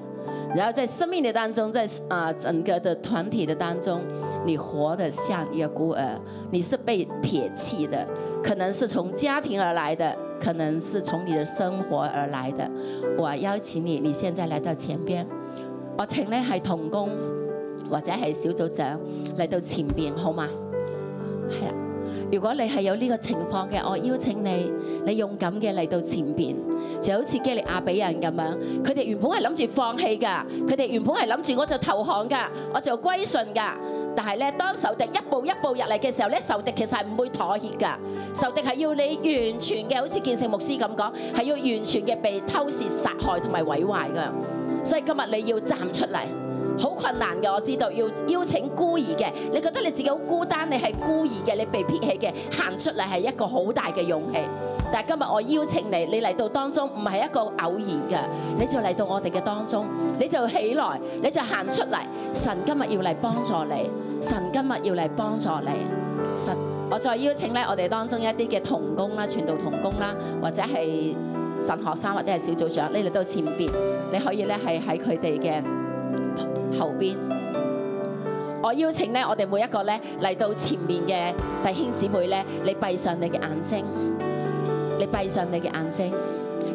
然後在生命的當中，在啊、呃、整個的團體的當中，你活得像一個孤兒，你是被撇棄的。可能是從家庭而來的，可能是從你的生活而來的。我邀請你，你現在來到前邊。我請你還童工。或者係小組長嚟到前邊，好嗎？係啦，如果你係有呢個情況嘅，我邀請你，你勇敢嘅嚟到前邊，就好似基利亞比人咁樣。佢哋原本係諗住放棄㗎，佢哋原本係諗住我就投降㗎，我就歸順㗎。但係咧，當仇敵一步一步入嚟嘅時候咧，仇敵其實係唔會妥協㗎，仇敵係要你完全嘅，好似建勝牧師咁講，係要完全嘅被偷竊、殺害同埋毀壞㗎。所以今日你要站出嚟。好困難嘅，我知道，要邀請孤兒嘅，你覺得你自己好孤單，你係孤兒嘅，你被撇棄嘅，行出嚟係一個好大嘅勇氣。但今日我邀請你，你嚟到當中唔係一個偶然嘅，你就嚟到我哋嘅當中，你就起來，你就行出嚟。神今日要嚟幫助你，神今日要嚟幫助你。神，我再邀請我哋當中一啲嘅同工啦，傳道同工啦，或者係神學生或者係小組長，你嚟到前邊，你可以在他喺佢哋嘅。後邊，我邀請呢，我哋每一個呢，嚟到前面嘅弟兄姊妹呢，你閉上你嘅眼睛，你閉上你嘅眼睛，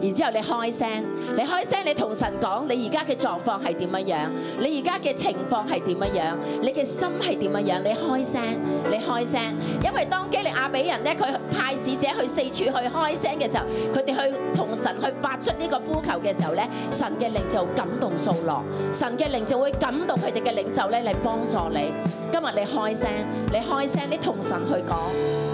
然之後你開聲，你開聲，你同神講你而家嘅狀況係點樣樣，你而家嘅情況係點樣樣，你嘅心係點樣樣，你開聲，你開聲，因為當基利亞比人呢，佢派使者去四處去開聲嘅時候，佢哋去同神去發出呢個呼求嘅時候呢，神嘅靈就感動掃羅，神嘅靈就會感動佢哋嘅領袖咧嚟幫助你。今日你開聲，你開聲，你同神去講。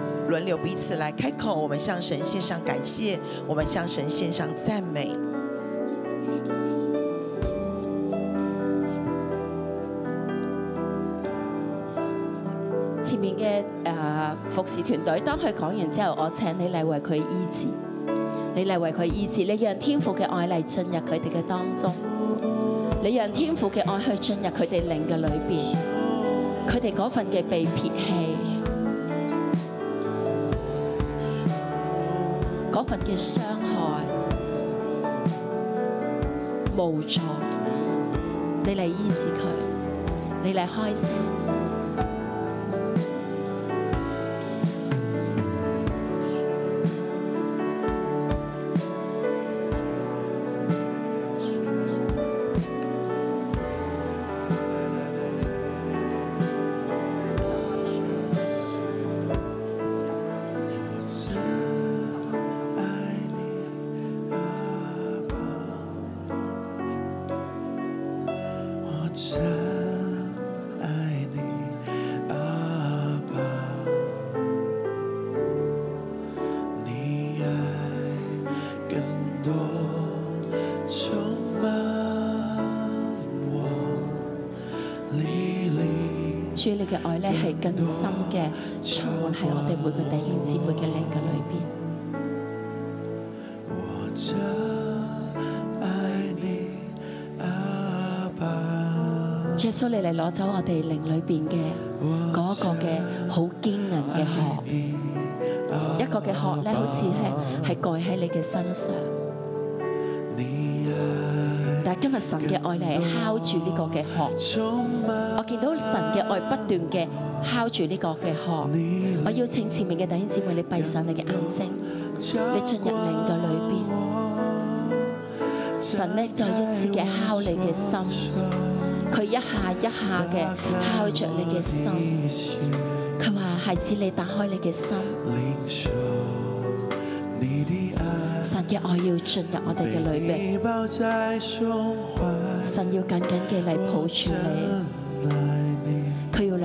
輪流彼此來開口，我們向神獻上感謝，我們向神獻上讚美。前面嘅、呃、服侍團隊，當佢講完之後，我請你嚟為佢醫治，你嚟為佢醫治，你讓天父嘅愛嚟進入佢哋嘅當中，你讓天父嘅愛去進入佢哋靈嘅裏邊，佢哋嗰份嘅被撇棄，嗰份嘅傷害無助，你嚟醫治佢，你嚟開心。更深嘅，充滿喺我哋每個弟兄姊妹嘅靈嘅裏邊。耶穌，你嚟攞走我哋靈裏邊嘅嗰一個嘅好堅韌嘅殼，一個嘅殼咧，好似係係蓋喺你嘅身上。但係今日神嘅愛嚟係敲住呢個嘅殼，我見到神嘅愛不斷嘅。敲住呢個嘅殼，我邀請前面嘅弟兄姊妹，你閉你，你閉上你嘅眼睛，你進入靈嘅裏邊。神咧再一次嘅敲你嘅心，佢一下一下嘅敲着你嘅心。佢話：孩子，你打開你嘅心。神嘅愛要進入我哋嘅裏邊，神要緊緊嘅嚟抱住你。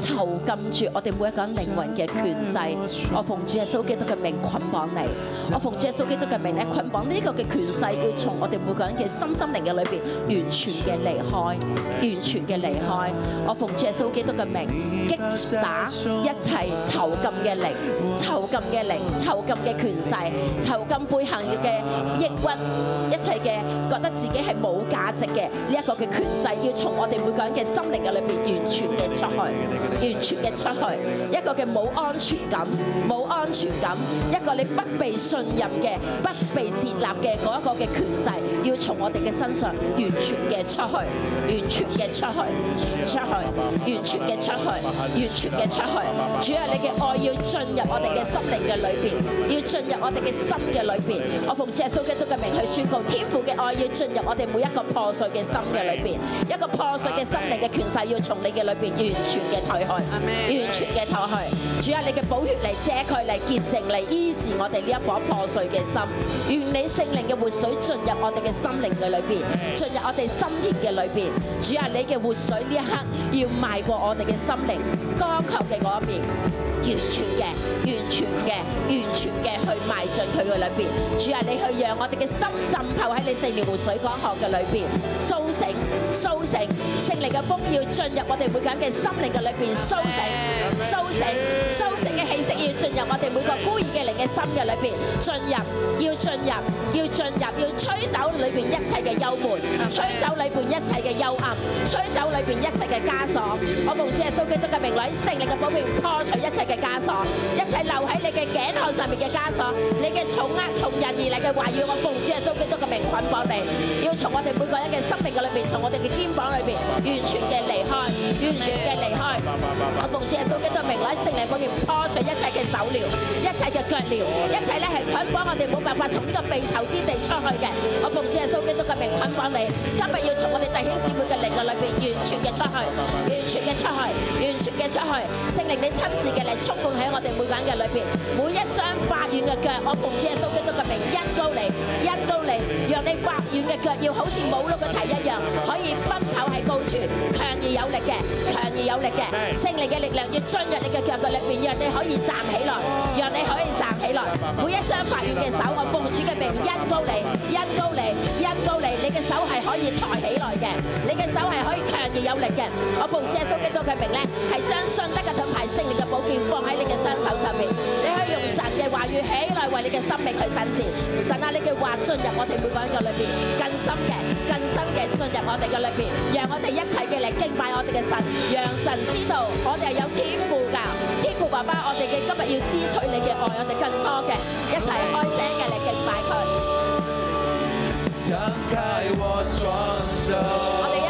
囚禁住我哋每一個人靈魂嘅權勢，我奉主耶穌基督嘅名捆綁你，我奉主耶穌基督嘅名咧捆綁呢個嘅權勢，要從我哋每個人嘅心心靈嘅裏邊完全嘅離開，完全嘅離開。我奉主耶穌基督嘅名，擊打一切囚禁嘅靈，囚禁嘅靈，囚禁嘅權勢，囚禁背行嘅抑鬱，一切嘅覺得自己係冇價值嘅呢一個嘅權勢，要從我哋每個人嘅心靈嘅裏邊完全嘅出去。完全嘅出去，一個嘅冇安全感，冇安全感，一個你不被信任嘅、不被接納嘅一個嘅權勢，要從我哋嘅身上完全嘅出去，完全嘅出去，出去，完全嘅出去，完全嘅出，出，出去。主係你嘅愛要進入我哋嘅心靈嘅裏邊，要進入我哋嘅心嘅裏邊。我奉耶穌基督嘅名去宣告，天父嘅愛要進入我哋每一個破碎嘅心嘅裏邊，一個破碎嘅心靈嘅權勢要從你嘅裏邊完全嘅退。去完全嘅投去，主啊，你嘅寶血嚟遮蓋嚟潔淨嚟醫治我哋呢一顆破碎嘅心，願你聖靈嘅活水進入我哋嘅心靈嘅裏邊，進入我哋心田嘅裏邊。主啊，你嘅活水呢一刻要邁過我哋嘅心靈乾渴嘅嗰一邊，完全嘅、完全嘅、完全嘅去邁進佢嘅裏邊。主啊，你去讓我哋嘅心浸泡喺你聖靈活水乾渴嘅裏邊，蘇醒、蘇醒，聖靈嘅風要進入我哋每個人嘅心靈嘅裏邊。蘇醒，蘇醒，蘇醒嘅氣息要進入我哋每個孤兒嘅靈嘅心嘅裏邊，進入，要進入，要進入，要吹走裏邊一切嘅憂悶，吹走裏邊一切嘅憂。吹走裏邊一切嘅枷鎖，我奉主耶穌基督嘅名，女勝利嘅寶劍破除一切嘅枷鎖，一切留喺你嘅頸項上面嘅枷鎖，你嘅重壓、從人而嚟嘅懷怨，我奉主耶穌基督嘅名捆綁你，要從我哋每個人嘅生命嘅裏邊，從我哋嘅肩膀裏邊完全嘅離開，完全嘅離開。我奉主耶穌基督嘅名，女勝利嘅寶劍破除一切嘅手鐐、一切嘅腳鐐，一切咧係捆綁我哋冇辦法從呢個被囚之地出去嘅。我奉主耶穌基督嘅名捆綁你，今日要從我哋弟兄姊妹嘅靈裏。完全嘅出去，完全嘅出去，完全嘅出去，聖靈你親自嘅嚟充滿喺我哋每個人嘅裏邊。每一雙發軟嘅腳，我奉主嘅蘇格都嘅名，恩膏你，恩膏你，讓你發軟嘅腳要好似母鹿嘅蹄一樣，可以奔跑喺高處，強而有力嘅，強而有力嘅，聖靈嘅力量要進入你嘅腳腳裏邊，讓你可以站起來，讓你可以站起來。每一雙發軟嘅手，我奉主嘅名，恩膏你，恩膏你，恩膏你，你嘅手係可以抬起來嘅，你嘅手係。可以強而有力嘅，我部車都擊到佢明呢，係將信德嘅盾牌、勝利嘅寶劍放喺你嘅身手上面。你可以用神嘅話語起來，為你嘅生命去爭戰。神啊，你嘅話進入我哋每個人嘅裏面，更深嘅、更深嘅進入我哋嘅裏面，讓我哋一齊嘅嚟敬拜我哋嘅神，讓神知道我哋係有天賦㗎。天父爸爸，我哋嘅今日要支取你嘅愛，我哋更多嘅一齊開聲嘅嚟敬拜佢。我哋。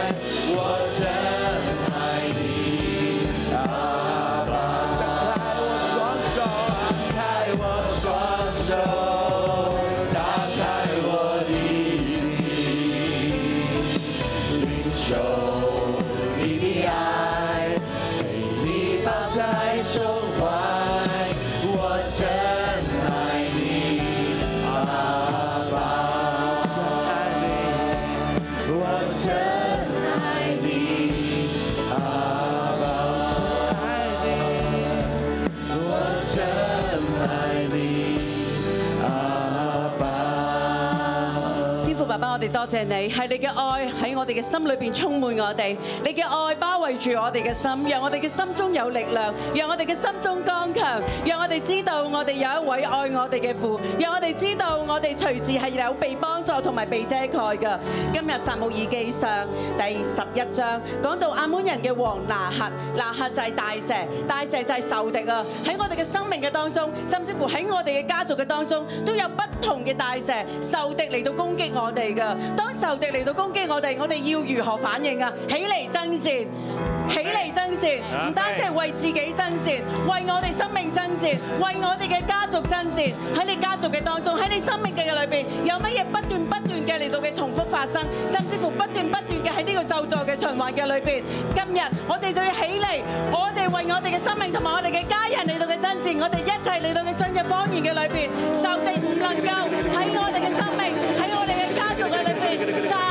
多謝你，係你嘅愛喺我哋嘅心裏邊充滿我哋，你嘅愛包圍住我哋嘅心，讓我哋嘅心中有力量，讓我哋嘅心中強，讓我哋知道我哋有一位愛我哋嘅父，讓我哋知道我哋隨時係有被幫助同埋被遮蓋㗎。今日撒母耳記上第十一章講到亞捫人嘅王拿轄，拿轄就係大蛇，大蛇就係仇敵啊！喺我哋嘅生命嘅當中，甚至乎喺我哋嘅家族嘅當中，都有不同嘅大蛇仇敵嚟到攻擊我哋㗎。當仇敵嚟到攻擊我哋，我哋要如何反應啊？起嚟爭戰！起嚟爭戰，唔單止係為自己爭戰，為我哋生命爭戰，為我哋嘅家族爭戰。喺你家族嘅當中，喺你生命嘅裏邊，有乜嘢不斷不斷嘅嚟到嘅重複發生，甚至乎不斷不斷嘅喺呢個咒詛嘅循環嘅裏邊。今日我哋就要起嚟，我哋為我哋嘅生命同埋我哋嘅家人嚟到嘅爭戰，我哋一齊嚟到嘅進入方言嘅裏邊，上帝唔能夠喺我哋嘅生命，喺我哋嘅家族嘅裏邊。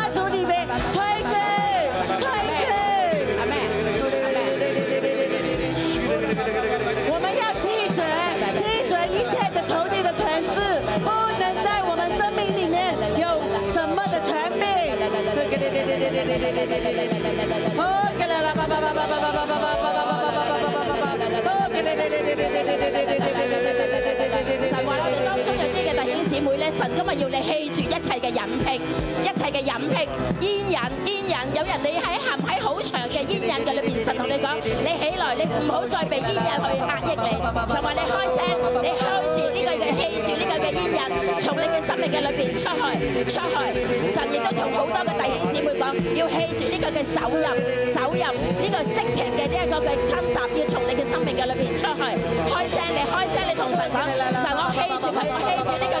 今日要你棄絕一切嘅隱癖，一切嘅隱癖，煙癮煙癮，有人你喺陷喺好長嘅煙癮嘅裏邊，神同你講，你起來，你唔好再被煙癮去壓抑你。就話你開聲，你棄住呢個嘅棄絕呢個嘅煙癮，從你嘅生命嘅裏邊出去出去。神亦都同好多嘅弟兄姊妹講，要棄絕呢個嘅手淫手淫，呢個色情嘅呢一個嘅侵襲，要從你嘅生命嘅裏邊出去。開聲你開聲，你同神講，神我棄絕佢，我棄絕呢個。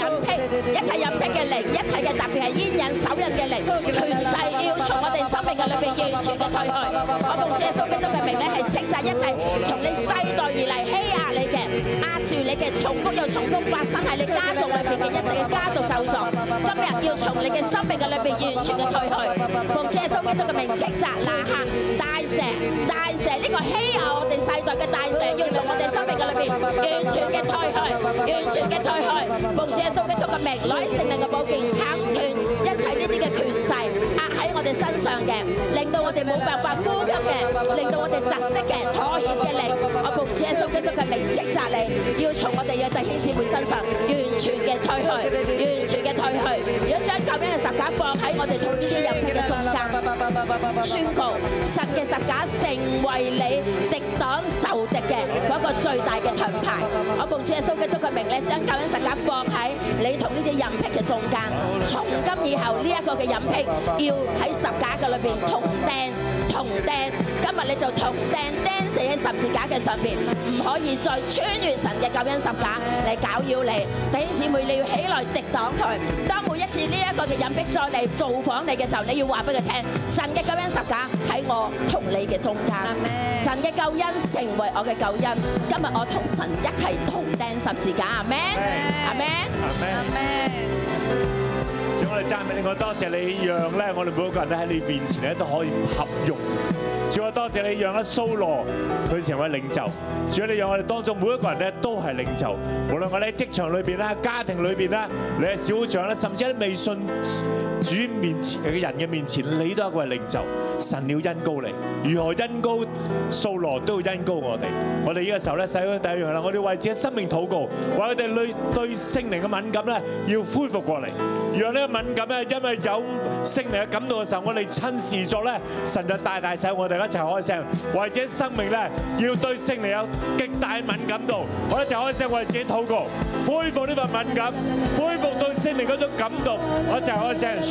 一切陰病嘅靈，一切嘅特別係煙癮、手癮嘅靈，全世要從我哋生命嘅裏邊完全嘅退去。我奉主耶穌基督嘅名咧，係斥責一切從你世代而嚟欺壓你嘅、壓住你嘅，重複又重複發生喺你家族裏邊嘅一切嘅家族咒詛，今日要從你嘅生命嘅裏邊完全嘅退去。奉主耶穌基督嘅名斥責拿客、大石。呢、這個欺壓、啊、我哋世代嘅大勢，要從我哋生命嘅裏邊完全嘅退去，完全嘅退去。奉主耶穌基督嘅名，攞起勝利嘅寶劍砍斷一切呢啲嘅權勢壓喺我哋身上嘅，令到我哋冇辦法呼吸嘅，令到我哋窒息嘅，妥協嘅力。我奉主耶穌基督嘅名，斥責你，要從我哋嘅弟兄姊妹身上完全嘅退去，完全嘅退去，如果將究竟嘅十架放喺我哋同呢啲人嘅中。宣告神嘅十架成為你敵擋仇敵嘅嗰個最大嘅盾牌。我奉主耶穌基督嘅名咧，將救恩十架放喺你同呢啲淫癖嘅中間。從今以後呢一個嘅淫癖要喺十架嘅裏邊同釘同釘。今日你就同釘釘死喺十字架嘅上邊，唔可以再穿越神嘅救恩十架嚟攪擾你。弟兄姊妹，你要起來敵擋佢。一次呢一個嘅隱逼再嚟造訪你嘅時候，你要話俾佢聽，神嘅救恩十字架喺我同你嘅中間。咩？神嘅救恩成為我嘅救恩。今日我同神一齊同釘十字架。阿咩？阿咩？阿咩？我哋讚美你，我多謝你讓咧，讓我哋每一個人都喺你面前咧都可以合用。主啊，多謝你讓一掃羅佢成為領袖。主啊，你讓我哋當中每一個人都係領袖，無論我哋喺職場裏邊咧、家庭裏邊咧、你係小長咧，甚至喺微信主面前嘅人嘅面前，你都係一個領袖，神要恩膏你，如何恩膏，掃羅都要恩膏我哋。我哋依個時候咧，使咗第一樣啦，我哋為自己生命禱告，為佢哋對對聖靈嘅敏感咧，要恢復過嚟。然後咧敏感咧，因為有聖靈嘅感動嘅時候，我哋趁時作咧，神就大大使我哋一齊開聲。為自己生命咧，要對聖靈有極大嘅敏感度，一齊開聲，為自己禱告，恢復呢份敏感，恢復對聖靈嗰種感動，一齊開聲。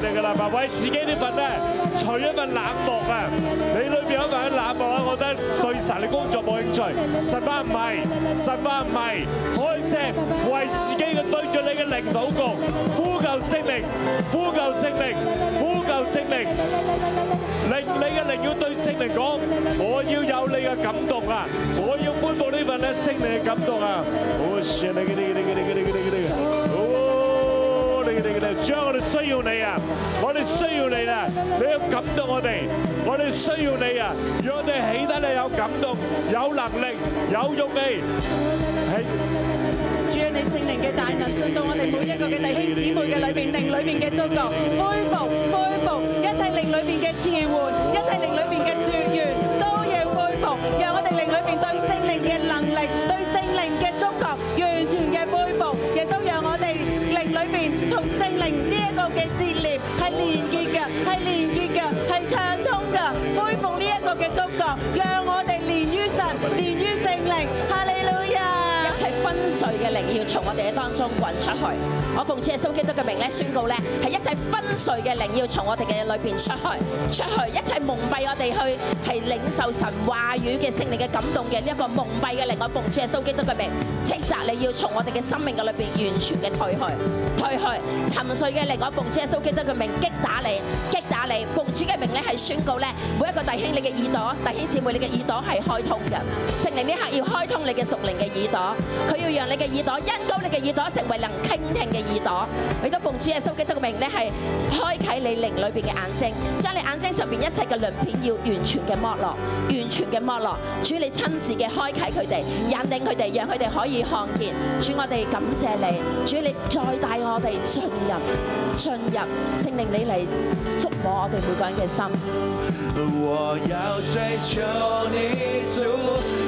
嚟噶啦！喂，自己份呢份咧，除一份冷漠啊，你裏面有份冷漠啊，覺得對神嘅工作冇興趣，十話唔係，十話唔係，開聲為自己嘅對住你嘅靈導局呼救聖靈，呼救聖靈，呼救聖靈，令你嘅靈要對聖靈講，我要有你嘅感動啊，我要歡呼呢份咧聖靈嘅感動啊，我神啊！來來來來來來。主啊，我哋需要你啊！我哋需要你啊！你要感動我哋，我哋需要你啊！讓我哋起得嚟有感動，有能力，有勇氣。主啊，你聖靈嘅大能進到我哋每一個嘅弟兄姊妹嘅裏邊靈裏邊嘅中國，恢復恢復一切靈裏邊嘅賜活，一切靈裏邊嘅絕源都要恢復。讓我哋靈裏邊對聖靈嘅能力，對聖靈嘅中國。同聖靈呢一個嘅接連係連結嘅，係連結嘅，係暢通嘅，恢復呢一個嘅觸覺，讓我哋連於神，連於聖靈。佢嘅靈要從我哋嘅當中滾出去，我奉主耶穌基督嘅名咧宣告咧，係一切昏睡嘅靈要從我哋嘅裏邊出去，出去一切蒙蔽我哋去係領受神話語嘅聖靈嘅感動嘅呢一個蒙蔽嘅靈，我奉主耶穌基督嘅名斥責你，要從我哋嘅生命嘅裏邊完全嘅退去，退去沉睡嘅靈，我奉主耶穌基督嘅名擊打你，擊打你，奉主嘅名咧係宣告咧，每一個弟兄你嘅耳朵，弟兄姊妹你嘅耳朵係開通嘅，聖靈呢刻要開通你嘅屬靈嘅耳朵，佢要讓你嘅耳朵，因高你嘅耳朵，成為能傾聽嘅耳朵，俾到奉主耶穌基督嘅名，你係開啟你靈裏邊嘅眼睛，將你眼睛上面一切嘅鱗片要完全嘅剝落，完全嘅剝落，主你親自嘅開啟佢哋，引領佢哋，讓佢哋可以看見，主我哋感謝你，主你再帶我哋進入，進入聖靈你嚟觸摸我哋每個人嘅心。我要追求你